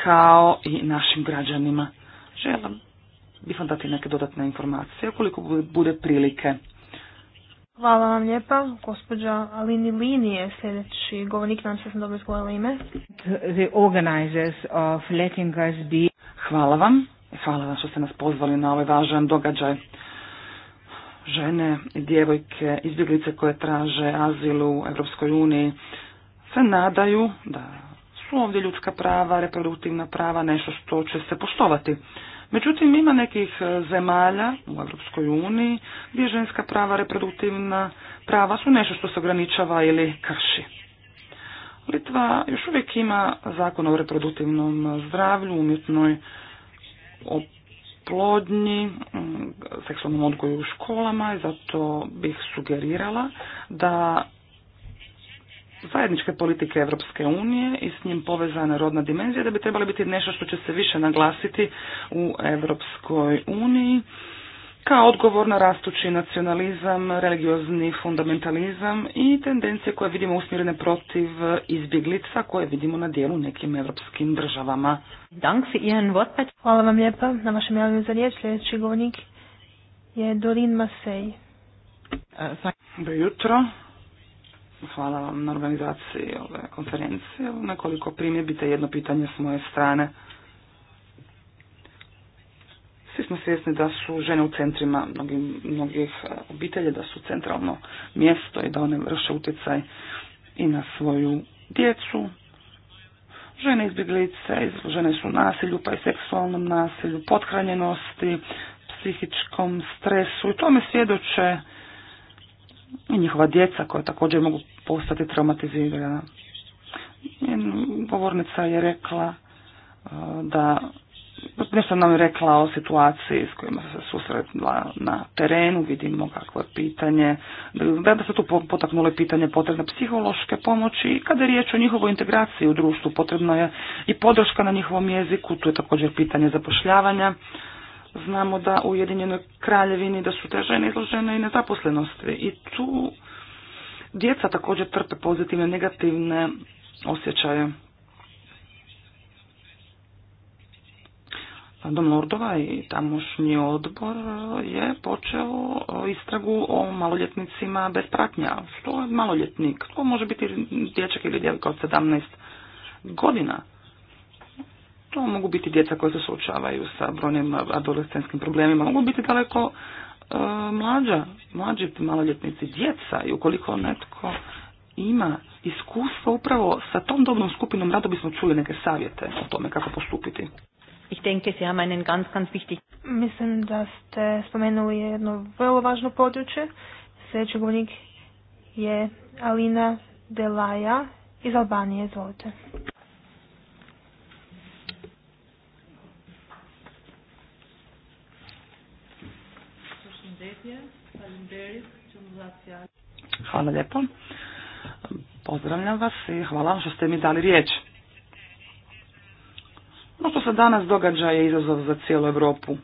kao i našim građanima. Želim bih vam dati neke dodatne informacije ukoliko bude prilike. Hvala vam lijepa. Gospođa Alini Lini je sljedeći govornik, nam se sam dobro izgovorila ime. The organizers of letting us be. Hvala vam. Hvala vam što ste nas pozvali na ovaj važan događaj. Žene i djevojke, izbjeglice koje traže azil u Europskoj uniji, se nadaju da su ovdje ljudska prava, reproduktivna prava, nešto što će se poštovati. Međutim, ima nekih e, zemalja u Europskoj uniji gdje ženska prava, reproduktivna prava su nešto što se ograničava ili krši. Litva još uvijek ima zakon o reproduktivnom zdravlju, umjetnoj oplodnji, mm, seksualnom odgoju u školama i zato bih sugerirala da zajedničke politike Europske unije i s njim povezana rodna dimenzija da bi trebala biti nešto što će se više naglasiti u Europskoj uniji kao odgovor na rastući nacionalizam, religiozni fundamentalizam i tendencije koje vidimo usmjerene protiv izbjeglica koje vidimo na dijelu nekim europskim državama. Hvala vam lijepa na vašem javljanju za riječ. Sljedeći govornik je Dorin Masej. Dobro jutro. Hvala vam na organizaciji ove konferencije. Nekoliko primjebite jedno pitanje s moje strane. Svi smo svjesni da su žene u centrima mnogih, mnogih e, obitelji, da su centralno mjesto i da one vrše utjecaj i na svoju djecu. Žene izbjeglice, žene su nasilju, pa i seksualnom nasilju, pothranjenosti, psihičkom stresu i tome svjedoče i njihova djeca koja također mogu postati traumatizirana. Govornica je rekla e, da nešto nam je rekla o situaciji s kojima se susretila na terenu, vidimo kakvo je pitanje, da se tu potaknulo pitanje potrebne psihološke pomoći i kada je riječ o njihovoj integraciji u društvu potrebna je i podrška na njihovom jeziku, tu je također pitanje zapošljavanja. Znamo da u Ujedinjenoj kraljevini da su te žene izložene i nezaposlenosti i tu Djeca također trpe pozitivne, negativne osjećaje. Dom Lordova i tamošnji odbor je počeo istragu o maloljetnicima bez pratnja. Što je maloljetnik? To može biti dječak ili djevojka od 17 godina. To mogu biti djeca koja se suočavaju sa brojnim adolescenskim problemima. Mogu biti daleko E, mlađa, mlađi maloljetnici, djeca i ukoliko netko ima iskustva upravo sa tom dobnom skupinom, rado bismo čuli neke savjete o tome kako postupiti. Ich denke, Sie haben einen ganz, ganz wichtig... Mislim da ste spomenuli jedno vrlo važno područje. Sljedeći govornik je Alina Delaja iz Albanije. Izvolite. Hvala lijepo. Pozdravljam vas i hvala što ste mi dali riječ. Ono što se danas događa je izazov za cijelu Europu.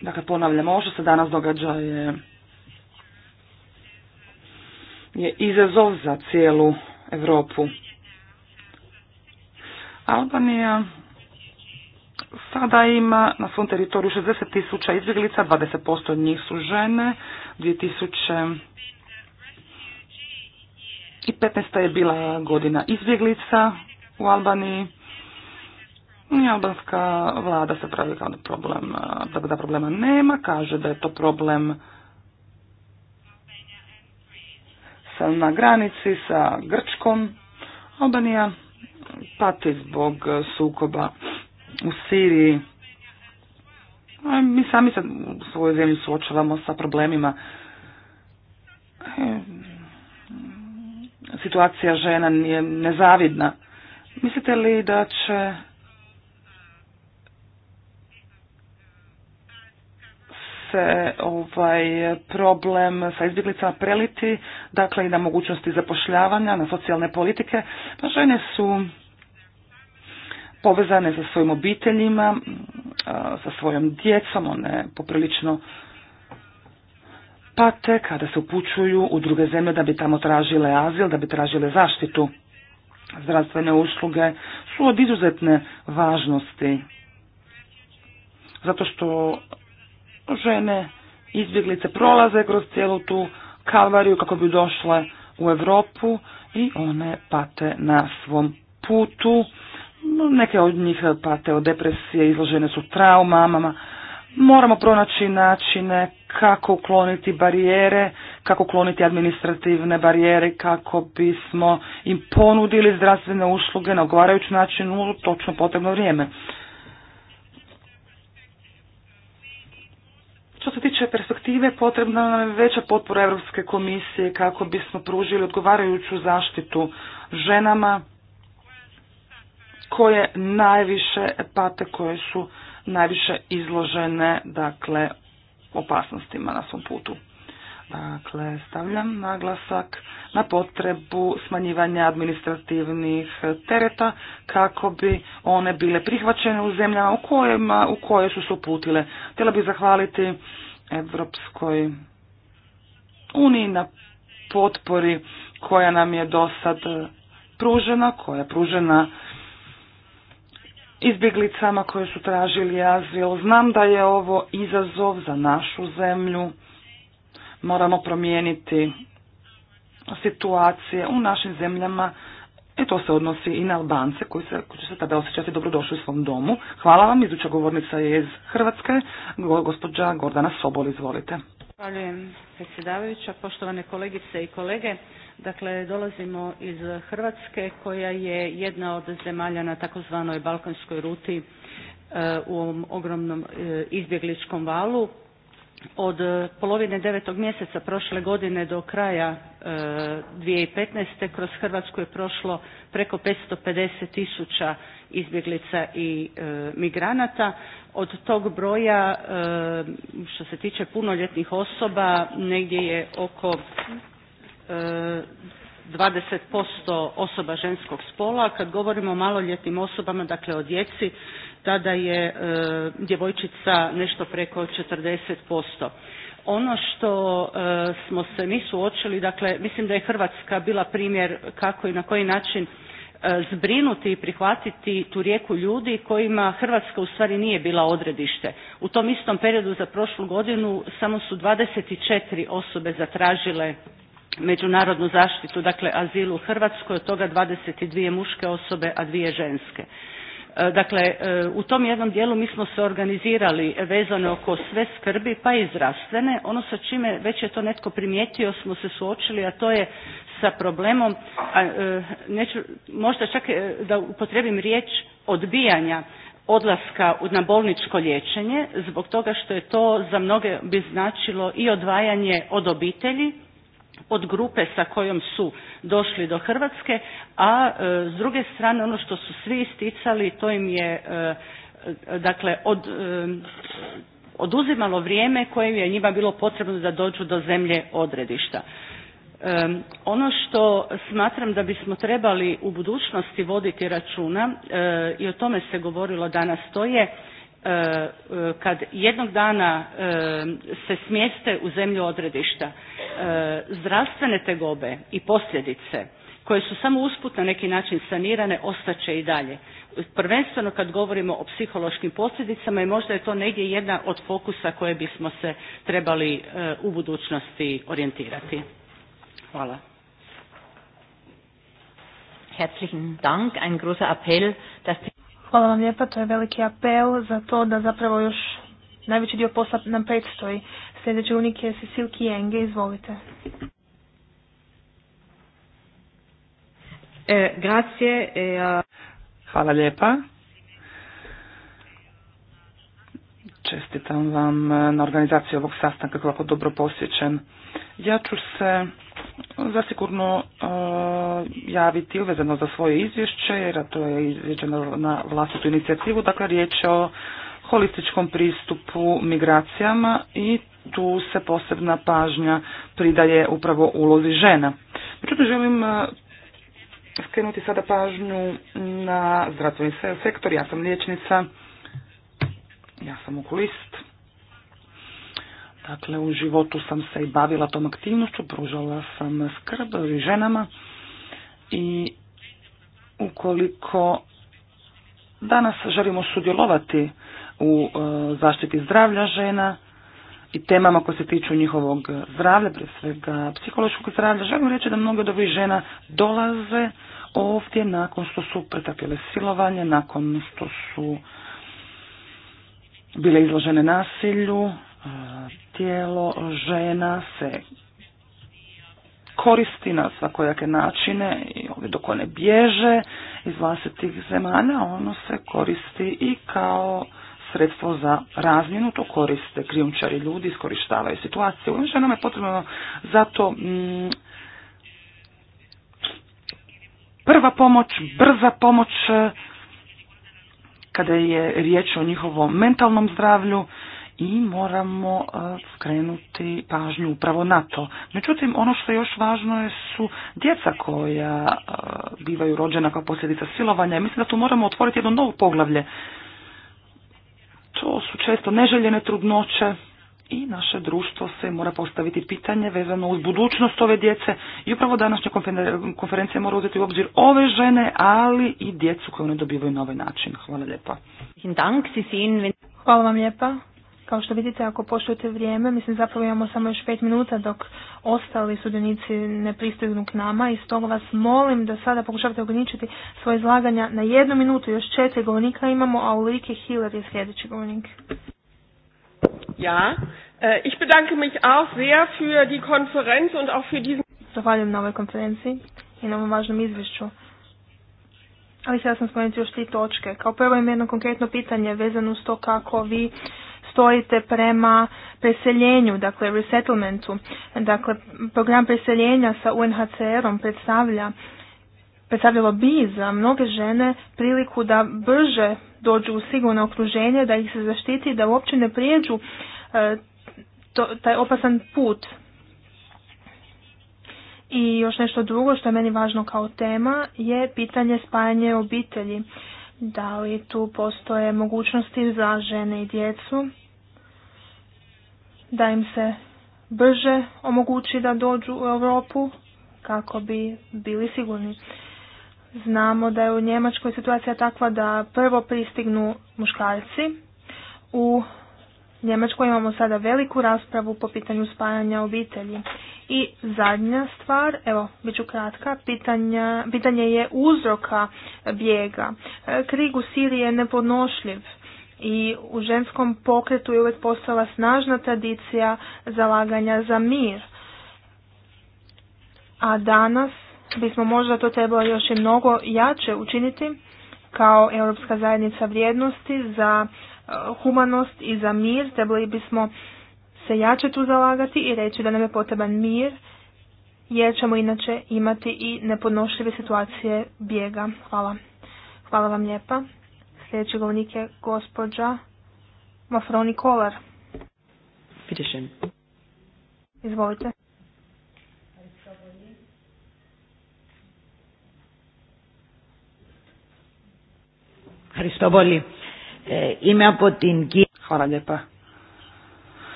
Dakle, ponavljamo, ovo što se danas događa je, je izazov za cijelu Europu. Albanija sada ima na svom teritoriju 60 tisuća izbjeglica, 20% od njih su žene, 2015. i je bila godina izbjeglica u Albaniji. I albanska vlada se pravi kao da, problem, da problema nema, kaže da je to problem sa, na granici sa Grčkom. Albanija pati zbog sukoba u Siriji. Mi sami se u svojoj zemlji suočavamo sa problemima. E, situacija žena nije nezavidna. Mislite li da će se ovaj problem sa izbjeglicama preliti, dakle i na mogućnosti zapošljavanja, na socijalne politike. Pa žene su povezane sa svojim obiteljima, sa svojom djecom, one poprilično pate kada se upućuju u druge zemlje da bi tamo tražile azil, da bi tražile zaštitu. Zdravstvene usluge su od izuzetne važnosti zato što žene izbjeglice prolaze kroz cijelu tu kalvariju kako bi došle u Europu i one pate na svom putu. Neke od njih pate od depresije, izložene su traumama. Moramo pronaći načine kako ukloniti barijere, kako ukloniti administrativne barijere, kako bismo im ponudili zdravstvene usluge na ugovarajući način u točno potrebno vrijeme. Što se tiče perspektive, potrebna nam je veća potpora Europske komisije kako bismo pružili odgovarajuću zaštitu ženama koje najviše pate, koje su najviše izložene dakle opasnostima na svom putu. Dakle, stavljam naglasak na potrebu smanjivanja administrativnih tereta kako bi one bile prihvaćene u zemljama u, koje su se uputile. Htjela bih zahvaliti Evropskoj uniji na potpori koja nam je do sad pružena, koja je pružena izbjeglicama koje su tražili azil. Znam da je ovo izazov za našu zemlju, moramo promijeniti situacije u našim zemljama i e, to se odnosi i na Albance koji, se, koji će se tada osjećati dobrodošli u svom domu. Hvala vam, iduća govornica je iz Hrvatske, gospođa Gordana Sobol, izvolite. Zahvaljujem predsjedavajuća, poštovane kolegice i kolege. Dakle, dolazimo iz Hrvatske koja je jedna od zemalja na takozvanoj balkanskoj ruti e, u ovom ogromnom e, izbjegličkom valu od e, polovine devetog mjeseca prošle godine do kraja 2015. E, kroz Hrvatsku je prošlo preko 550 tisuća izbjeglica i e, migranata. Od tog broja, što se tiče punoljetnih osoba, negdje je oko 20% osoba ženskog spola. Kad govorimo o maloljetnim osobama, dakle o djeci, tada je e, djevojčica nešto preko 40%. Ono što e, smo se mi suočili, dakle mislim da je Hrvatska bila primjer kako i na koji način e, zbrinuti i prihvatiti tu rijeku ljudi kojima Hrvatska u stvari nije bila odredište. U tom istom periodu za prošlu godinu samo su 24 osobe zatražile međunarodnu zaštitu, dakle azil u Hrvatskoj, od toga 22 muške osobe, a dvije ženske. E, dakle, e, u tom jednom dijelu mi smo se organizirali vezano oko sve skrbi, pa i zdravstvene. Ono sa čime već je to netko primijetio smo se suočili, a to je sa problemom, e, neću, možda čak da upotrijebim riječ odbijanja odlaska na bolničko liječenje zbog toga što je to za mnoge bi značilo i odvajanje od obitelji od grupe sa kojom su došli do Hrvatske, a e, s druge strane ono što su svi isticali to im je e, e, dakle oduzimalo vrijeme koje je njima bilo potrebno da dođu do zemlje odredišta. ono što smatram da bismo trebali u budućnosti voditi računa i o tome se govorilo danas, to je E, kad jednog dana e, se smjeste u zemlju odredišta e, zdravstvene tegobe i posljedice koje su samo usput na neki način sanirane ostaće i dalje. Prvenstveno kad govorimo o psihološkim posljedicama i možda je to negdje jedna od fokusa koje bismo se trebali u budućnosti orijentirati. Hvala. Herzlichen Dank, ein großer dass Hvala vam lijepa, to je veliki apel za to da zapravo još najveći dio posla nam predstoji. Sljedeći unik je Cecil Kijenge, izvolite. E, grazie. E, Hvala lijepa. Čestitam vam e, na organizaciju ovog sastanka kako dobro posjećen. Ja ću se zasigurno e, javiti uvezano za svoje izvješće, jer to je izvješćeno na vlastitu inicijativu, dakle riječ je o holističkom pristupu migracijama i tu se posebna pažnja pridaje upravo ulozi žena. Međutim, želim e, skrenuti sada pažnju na zdravstveni sektor. Ja sam liječnica, ja sam okulist, Dakle, u životu sam se i bavila tom aktivnošću, pružala sam skrb i ženama i ukoliko danas želimo sudjelovati u e, zaštiti zdravlja žena i temama koje se tiču njihovog zdravlja, prije svega psihološkog zdravlja, želim reći da mnoge od ovih žena dolaze ovdje nakon što su pretrpjele silovanje, nakon što su bile izložene nasilju, tijelo žena se koristi na svakojake načine i ovdje dok one bježe iz vlastitih zemalja, ono se koristi i kao sredstvo za razmjenu, to koriste krijumčari ljudi, iskorištavaju situaciju. Ovim ženama je potrebno zato mm, prva pomoć, brza pomoć kada je riječ o njihovom mentalnom zdravlju i moramo e, skrenuti pažnju upravo na to. Međutim, ono što je još važno je su djeca koja e, bivaju rođena kao posljedica silovanja i mislim da tu moramo otvoriti jedno novo poglavlje. To su često neželjene trudnoće i naše društvo se mora postaviti pitanje vezano uz budućnost ove djece i upravo današnja konferencija mora uzeti u obzir ove žene, ali i djecu koje one dobivaju na ovaj način. Hvala lijepa. Hvala vam lijepa. Kao što vidite, ako poštujete vrijeme, mislim zapravo imamo samo još pet minuta dok ostali sudionici ne pristignu k nama i stoga vas molim da sada pokušavate ograničiti svoje izlaganja na jednu minutu. Još četiri govornika imamo, a Ulrike Hiller je sljedeći govornik. Ja, eh, ich bedanke mich auch sehr für die Konferenz und auch für diesen... Zahvaljujem na ovoj konferenciji i na ovom važnom izvješću. Ali sada sam spomenuti još tri točke. Kao prvo imam jedno konkretno pitanje vezano uz to kako vi stojite prema preseljenju, dakle resettlementu. Dakle, program preseljenja sa UNHCR-om predstavlja predstavljalo bi za mnoge žene priliku da brže dođu u sigurno okruženje, da ih se zaštiti, da uopće ne prijeđu e, to, taj opasan put. I još nešto drugo što je meni važno kao tema je pitanje spajanje obitelji. Da li tu postoje mogućnosti za žene i djecu da im se brže omogući da dođu u Europu kako bi bili sigurni. Znamo da je u Njemačkoj situacija takva da prvo pristignu muškarci. U Njemačkoj imamo sada veliku raspravu po pitanju spajanja obitelji. I zadnja stvar, evo, bit ću kratka, pitanja, pitanje je uzroka bijega. E, krig u Siriji je nepodnošljiv i u ženskom pokretu je uvijek postala snažna tradicija zalaganja za mir. A danas bismo možda to trebalo još i mnogo jače učiniti kao Europska zajednica vrijednosti za e, humanost i za mir. Trebali bismo se jače tu zalagati i reći da nam je potreban mir jer ćemo inače imati i nepodnošljive situacije bijega. Hvala. Hvala vam lijepa. Sljedeći govornik je gospođa Mafroni Kolar. Pitišen. Izvolite. Hristoboli, e, ime potin Gij. Hvala lijepa.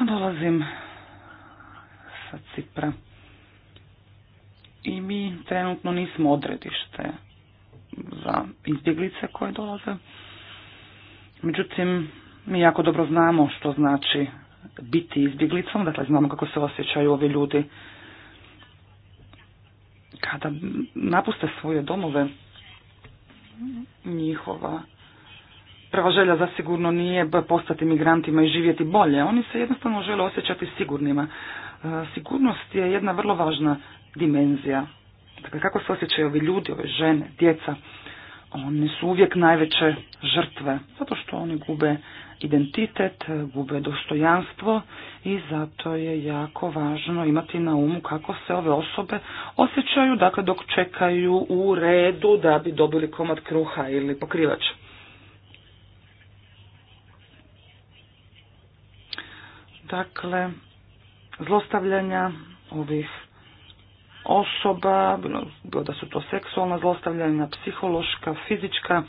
Dolazim sa Cipra. I mi trenutno nismo odredište za izbjeglice koje dolaze. Međutim, mi jako dobro znamo što znači biti izbjeglicom, dakle znamo kako se osjećaju ovi ljudi kada napuste svoje domove. Njihova prva želja zasigurno nije postati migrantima i živjeti bolje. Oni se jednostavno žele osjećati sigurnima. E, sigurnost je jedna vrlo važna dimenzija Dakle, kako se osjećaju ovi ljudi, ove žene, djeca? Oni su uvijek najveće žrtve, zato što oni gube identitet, gube dostojanstvo i zato je jako važno imati na umu kako se ove osobe osjećaju, dakle dok čekaju u redu da bi dobili komad kruha ili pokrivač. Dakle, zlostavljanja ovih osoba, bilo da su to seksualna zlostavljanja, psihološka, fizička,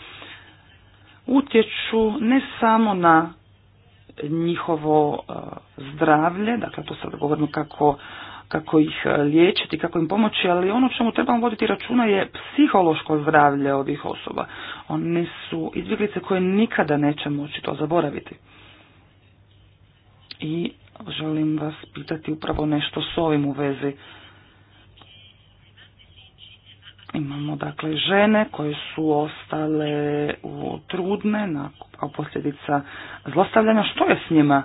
utječu ne samo na njihovo e, zdravlje, dakle to sad govorimo kako, kako ih e, liječiti, kako im pomoći, ali ono čemu trebamo voditi računa je psihološko zdravlje ovih osoba. One su izbjeglice koje nikada neće moći to zaboraviti. I želim vas pitati upravo nešto s ovim u vezi. Imamo dakle žene koje su ostale u trudne kao posljedica zlostavljanja. Što je s njima?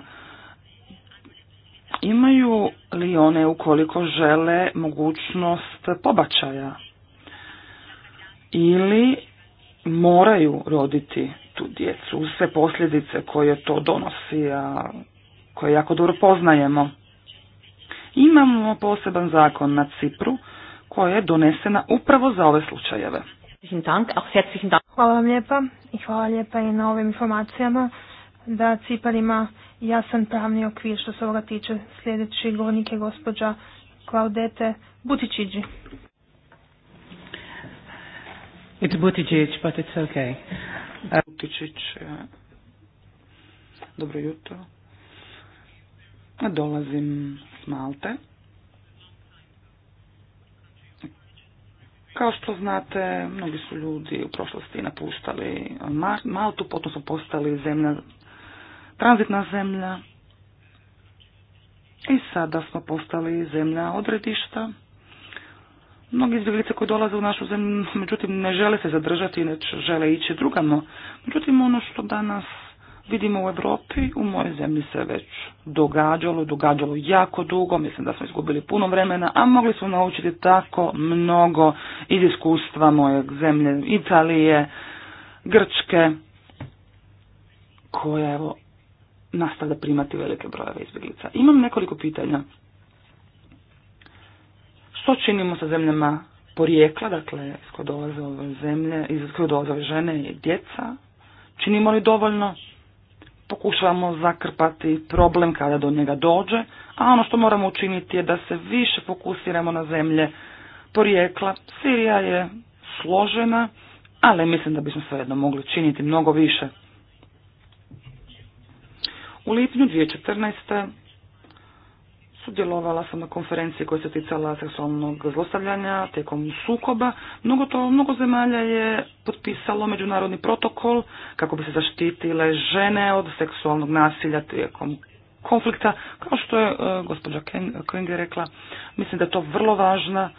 Imaju li one ukoliko žele mogućnost pobačaja? Ili moraju roditi tu djecu, sve posljedice koje to donosi, a koje jako dobro poznajemo. Imamo poseban zakon na Cipru koja je donesena upravo za ove slučajeve. Hvala vam lijepa i hvala lijepa i na ovim informacijama da Cipar ima jasan pravni okvir što se ovoga tiče. Sljedeći govornik je gospođa Klaudete Butičiđi. It's Butičić, but it's okay. Uh... Butičić, dobro jutro. Dolazim s Malte. Kao što znate, mnogi su ljudi u prošlosti napuštali Maltu, potom su postali zemlja, tranzitna zemlja i sada smo postali zemlja odredišta. Mnogi izbjeglice koji dolaze u našu zemlju, međutim, ne žele se zadržati, neće žele ići drugamo. Međutim, ono što danas vidimo u Europi, u mojoj zemlji se već događalo, događalo jako dugo, mislim da smo izgubili puno vremena, a mogli smo naučiti tako mnogo iz iskustva moje zemlje, Italije, Grčke, koja evo nastavlja primati velike brojeve izbjeglica. Imam nekoliko pitanja. Što činimo sa zemljama porijekla, dakle, iz ove zemlje, iz koje dolaze ove žene i djeca? Činimo li dovoljno? pokušavamo zakrpati problem kada do njega dođe, a ono što moramo učiniti je da se više fokusiramo na zemlje porijekla. Sirija je složena, ali mislim da bismo svejedno mogli činiti mnogo više. U lipnju 2014. Sudjelovala sam na konferenciji koja se ticala seksualnog zlostavljanja tijekom sukoba. Mnogo, to, mnogo zemalja je potpisalo međunarodni protokol kako bi se zaštitile žene od seksualnog nasilja tijekom konflikta. Kao što je e, gospođa Kling rekla, mislim da je to vrlo važna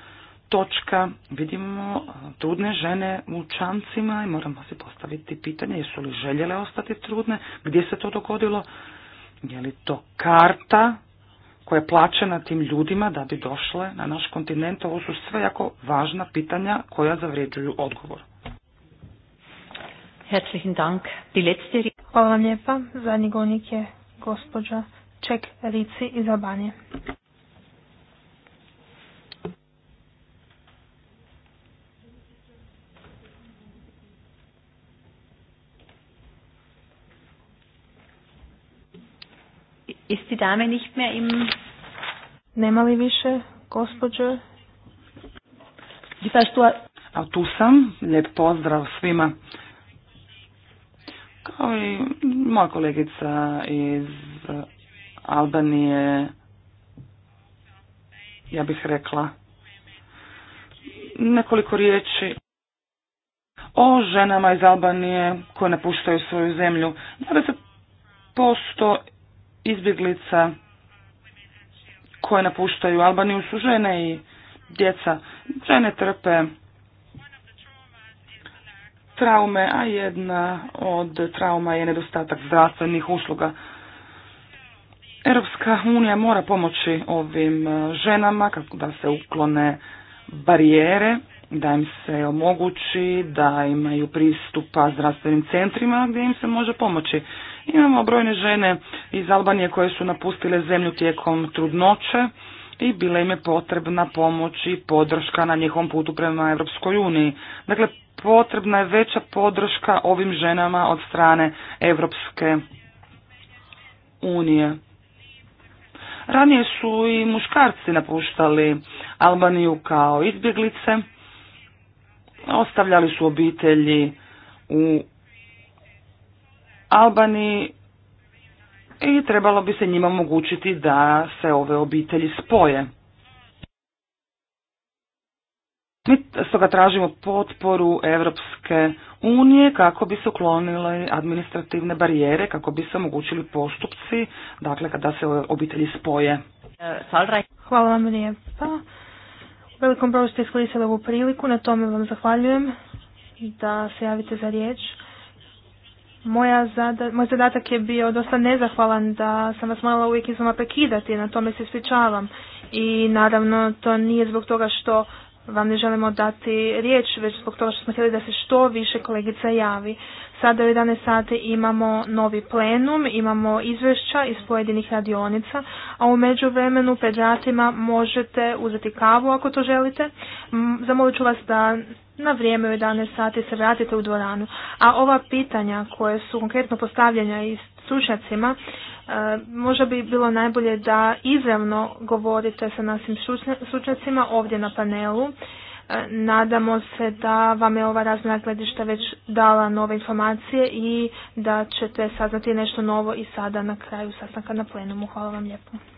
točka. Vidimo e, trudne žene u čancima i moramo si postaviti pitanje jesu li željele ostati trudne, gdje se to dogodilo, je li to karta koja je plaćena tim ljudima da bi došle na naš kontinent. Ovo su sve jako važna pitanja koja zavređuju odgovor. Herzlichen Dank. Hvala vam lijepa. Zadnji govnik je gospođa Ček Rici iz Albanije. Ist die Dame nicht mehr im... Nema li više, gospođe? A tu sam, lijep pozdrav svima. Kao i moja kolegica iz Albanije, ja bih rekla nekoliko riječi o ženama iz Albanije koje napuštaju svoju zemlju. 20% izbjeglica koje napuštaju Albaniju su žene i djeca. Žene trpe traume, a jedna od trauma je nedostatak zdravstvenih usluga. Europska unija mora pomoći ovim e, ženama kako da se uklone barijere, da im se omogući da imaju pristupa zdravstvenim centrima gdje im se može pomoći. Imamo brojne žene iz Albanije koje su napustile zemlju tijekom trudnoće i bila im je potrebna pomoć i podrška na njihovom putu prema Europskoj uniji. Dakle, potrebna je veća podrška ovim ženama od strane Europske unije. Ranije su i muškarci napuštali Albaniju kao izbjeglice, ostavljali su obitelji u Albani i trebalo bi se njima omogućiti da se ove obitelji spoje. Mi stoga tražimo potporu Europske unije kako bi se uklonile administrativne barijere, kako bi se omogućili postupci, dakle kada se obitelji spoje. Hvala vam lijepa. U velikom broju ste iskoristili ovu priliku, na tome vam zahvaljujem da se javite za riječ. Moja zada, moj zadatak je bio dosta nezahvalan da sam vas morala uvijek izvama prekidati, na tome se ispričavam. I naravno to nije zbog toga što vam ne želimo dati riječ, već zbog toga što smo htjeli da se što više kolegica javi. Sada u 11 sati imamo novi plenum, imamo izvješća iz pojedinih radionica, a u međuvremenu pred vratima možete uzeti kavu ako to želite. Zamolit ću vas da na vrijeme u 11 sati se vratite u dvoranu. A ova pitanja koje su konkretno postavljena i stručnjacima, E, možda bi bilo najbolje da izravno govorite sa našim sučjacima ovdje na panelu. E, nadamo se da vam je ova razmjena gledišta već dala nove informacije i da ćete saznati nešto novo i sada na kraju sastanka na plenumu. Hvala vam lijepo.